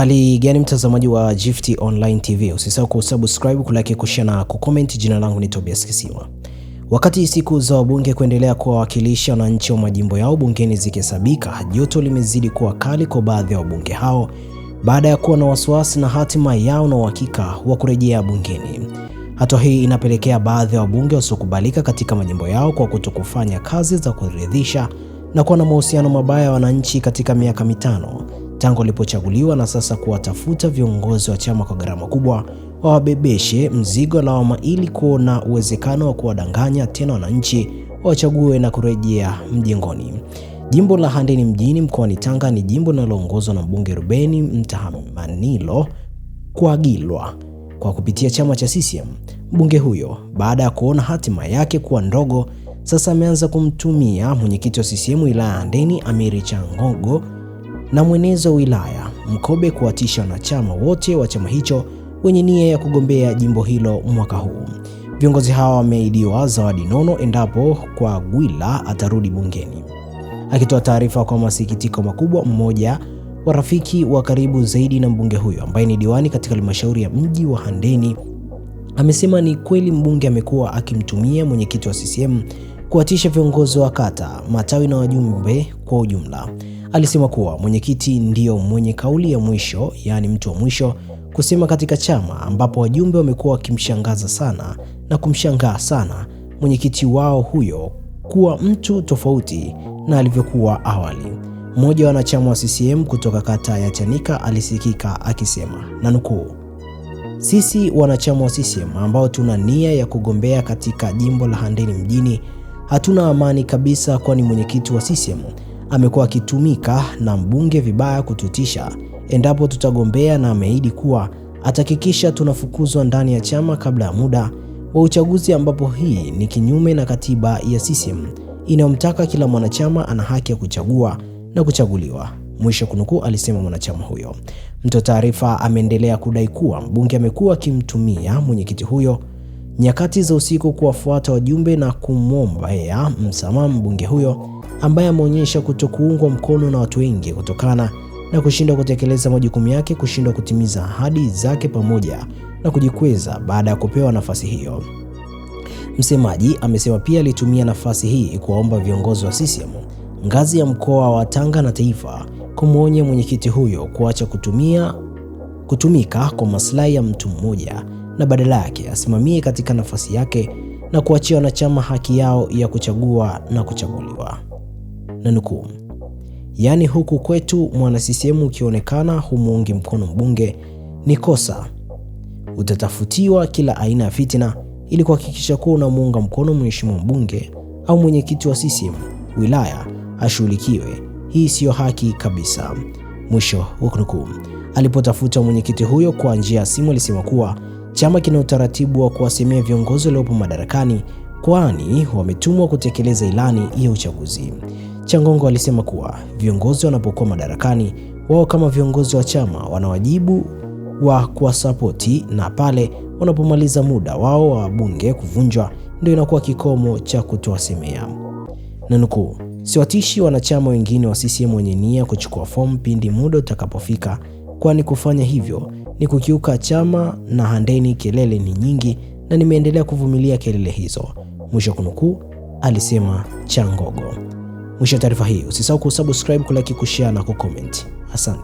Hali gani mtazamaji wa Gift Online TV, usisahau kusubscribe, kulike, kushare na kucomment. Jina langu ni Tobias Kisiwa. Wakati siku za wabunge kuendelea kuwawakilisha wananchi wa majimbo yao bungeni zikihesabika, joto limezidi kuwa kali kwa baadhi ya wabunge hao baada ya kuwa na wasiwasi na hatima yao na uhakika wa kurejea bungeni. Hatua hii inapelekea baadhi ya wabunge wasiokubalika katika majimbo yao kwa kutokufanya kazi za kuridhisha na kuwa na mahusiano mabaya ya wananchi katika miaka mitano tangu alipochaguliwa na sasa kuwatafuta viongozi wa chama kwa gharama kubwa wawabebeshe mzigo lawama ili kuona uwezekano wa kuwadanganya tena wananchi wachague na kurejea mjengoni. Jimbo la Handeni mjini mkoani Tanga ni jimbo linaloongozwa na mbunge Rubeni Mtahamanilo Kwagilwa kwa kupitia chama cha CCM. Mbunge huyo baada ya kuona hatima yake kuwa ndogo, sasa ameanza kumtumia mwenyekiti wa CCM wilaya ya Handeni Amiri Changongo, na mwenezo wa wilaya Mkobe kuwatisha wanachama wote wa chama hicho wenye nia ya kugombea jimbo hilo mwaka huu. Viongozi hawa wameahidiwa zawadi nono endapo kwa Gwila atarudi bungeni. Akitoa taarifa kwa masikitiko makubwa, mmoja wa rafiki wa karibu zaidi na mbunge huyo ambaye ni diwani katika halmashauri ya mji wa Handeni amesema ni kweli mbunge amekuwa akimtumia mwenyekiti wa CCM kuwatisha viongozi wa kata, matawi na wajumbe kwa ujumla alisema kuwa mwenyekiti ndio mwenye kauli ya mwisho, yaani mtu wa mwisho kusema katika chama, ambapo wajumbe wamekuwa wakimshangaza sana na kumshangaa sana mwenyekiti wao huyo kuwa mtu tofauti na alivyokuwa awali. Mmoja wa wanachama wa CCM kutoka kata ya Chanika alisikika akisema na nukuu, sisi wanachama wa CCM ambao tuna nia ya kugombea katika jimbo la Handeni mjini hatuna amani kabisa, kwani mwenyekiti wa CCM amekuwa akitumika na mbunge vibaya kututisha endapo tutagombea, na ameahidi kuwa atahakikisha tunafukuzwa ndani ya chama kabla ya muda wa uchaguzi, ambapo hii ni kinyume na katiba ya CCM inayomtaka kila mwanachama ana haki ya kuchagua na kuchaguliwa, mwisho kunukuu, alisema mwanachama huyo. mto taarifa ameendelea kudai kuwa mbunge amekuwa akimtumia mwenyekiti huyo nyakati za usiku kuwafuata wajumbe na kumwomba ya msamaha mbunge huyo ambaye ameonyesha kutokuungwa mkono na watu wengi kutokana na kushindwa kutekeleza majukumu yake, kushindwa kutimiza ahadi zake pamoja na kujikweza baada ya kupewa nafasi hiyo. Msemaji amesema pia alitumia nafasi hii kuwaomba viongozi wa CCM ngazi ya mkoa wa Tanga na taifa kumwonya mwenyekiti huyo kuacha kutumia kutumika kwa maslahi ya mtu mmoja na badala yake asimamie katika nafasi yake na kuachia wanachama haki yao ya kuchagua na kuchaguliwa na nukuu, yaani huku kwetu mwana CCM ukionekana humuungi mkono mbunge ni kosa, utatafutiwa kila aina ya fitina ili kuhakikisha kuwa unamuunga mkono mheshimiwa mbunge au mwenyekiti wa CCM wilaya ashughulikiwe. Hii siyo haki kabisa, mwisho wa kunukuu. Alipotafuta mwenyekiti huyo kwa njia ya simu, alisema kuwa chama kina utaratibu wa kuwasemea viongozi waliopo madarakani kwani wametumwa kutekeleza ilani ya uchaguzi. Changongo alisema kuwa viongozi wanapokuwa madarakani, wao kama viongozi wa chama wana wajibu wa kuwasapoti na pale wanapomaliza muda wao wa bunge kuvunjwa, ndio inakuwa kikomo cha kutowasemea. Na nukuu, siwatishi wanachama wengine wa CCM wenye nia kuchukua fomu pindi muda utakapofika, kwani kufanya hivyo ni kukiuka chama na handeni kelele ni nyingi na nimeendelea kuvumilia kelele hizo mwisho wa kunukuu, alisema Changogo. Mwisho wa taarifa hii, usisahau kusubscribe, kulike, kushare na kucomment. Asante.